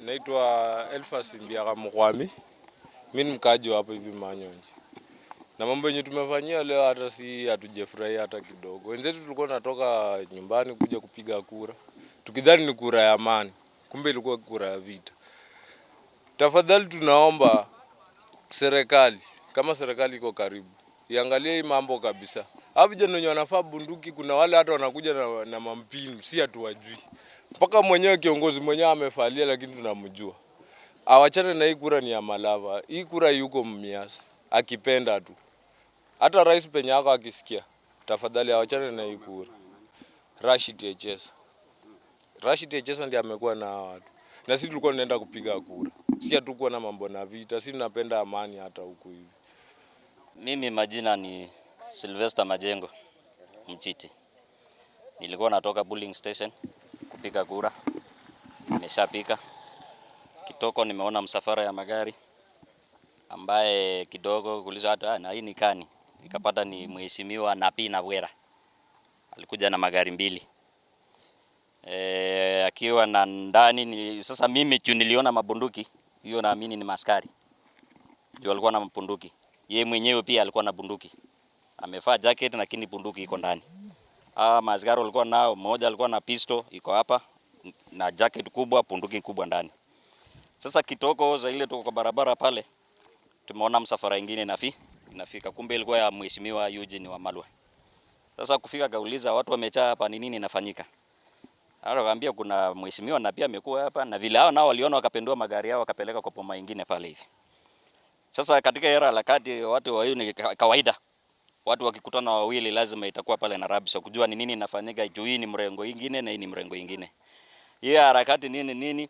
Naitwa Elfas Mbiaga Mkwami, mi ni mkaji wa hapa hivi Manyonji, na mambo yenye tumefanyia leo hata si hatujafurahia hata kidogo. Wenzetu tulikuwa natoka nyumbani kuja kupiga kura tukidhani ni kura ya amani, kumbe ilikuwa kura ya vita. Tafadhali tunaomba serikali, kama serikali iko karibu, iangalie hii mambo kabisa. Hawa vijana wenye wanafaa bunduki, kuna wale hata wanakuja na, na mampini, si hatuwajui mpaka mwenyewe kiongozi mwenyewe amefalia, lakini tunamjua. Awachane na hii kura, ni ya Malava. Hii kura yuko mmiasi, akipenda tu, hata rais penye yako akisikia, tafadhali awachane na hii kura. Rashid Echesa, Rashid Echesa ndiye amekuwa na watu, na sisi tulikuwa tunaenda kupiga kura, si hatukuwa na mambo na vita, sisi tunapenda amani hata huku hivi. Mimi majina ni Sylvester Majengo Mchiti, nilikuwa natoka bullying Station kupiga kura, Nimeshapika Kitoko nimeona msafara ya magari ambaye kidogo kuliza watu ah, na hii ni kani, nikapata ni mheshimiwa Napi Bwera alikuja na magari mbili e, akiwa na ndani ni, sasa mimi tu niliona mabunduki hiyo, naamini ni maskari ndio alikuwa na mabunduki. Yeye mwenyewe pia alikuwa na bunduki, amevaa jacket lakini bunduki iko ndani. Ah, maaskari walikuwa nao, mmoja alikuwa na pisto iko hapa na jacket kubwa, punduki kubwa ndani. Sasa kitoko za ile tuko kwa barabara pale, tumeona msafara mwingine nafi inafika, kumbe ilikuwa ya mheshimiwa Eugene Wamalwa. Sasa kufika kauliza watu wamechaa hapa, ni nini inafanyika? Akaambia kuna mheshimiwa na pia amekuwa hapa, na vile hao nao waliona wakapendua magari yao wakapeleka kwa poma ingine pale hivi. Sasa katika era la kati watu wa hiyo ni kawaida watu wakikutana wawili lazima itakuwa pale na rabsha, kujua ni nini inafanyika, juu hii ni mrengo ingine na hii ni mrengo ingine, hii harakati nini nini.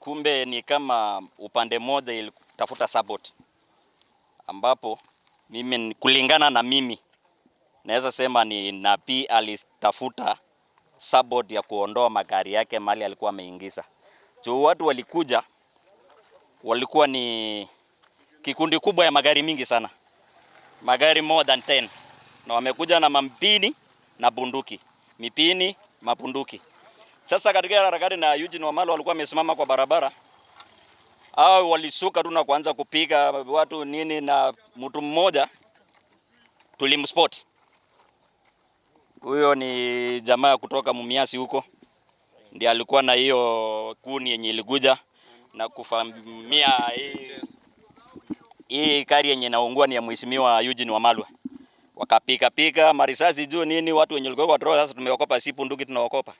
Kumbe ni kama upande mmoja ilitafuta support, ambapo mimi kulingana na mimi naweza sema ni napi alitafuta support ya kuondoa magari yake mali alikuwa ameingiza, juu watu walikuja walikuwa ni kikundi kubwa ya magari mingi sana magari more than 10 na wamekuja na mapini na bunduki, mipini mabunduki. Sasa katika harakati na Eugene Wamalwa walikuwa wamesimama kwa barabara, hao walisuka tu na kuanza kupiga watu nini, na mtu mmoja tulimspot. Huyo ni jamaa kutoka Mumiasi huko, ndiye alikuwa na hiyo kuni yenye ilikuja na kufamia hii hii kari yenye naungua ni ya mheshimiwa Eugene Wamalwa. Wakapika pika marisasi juu nini, watu wenye walikuwa kwa sasa tumeokopa, si punduki tunaokopa.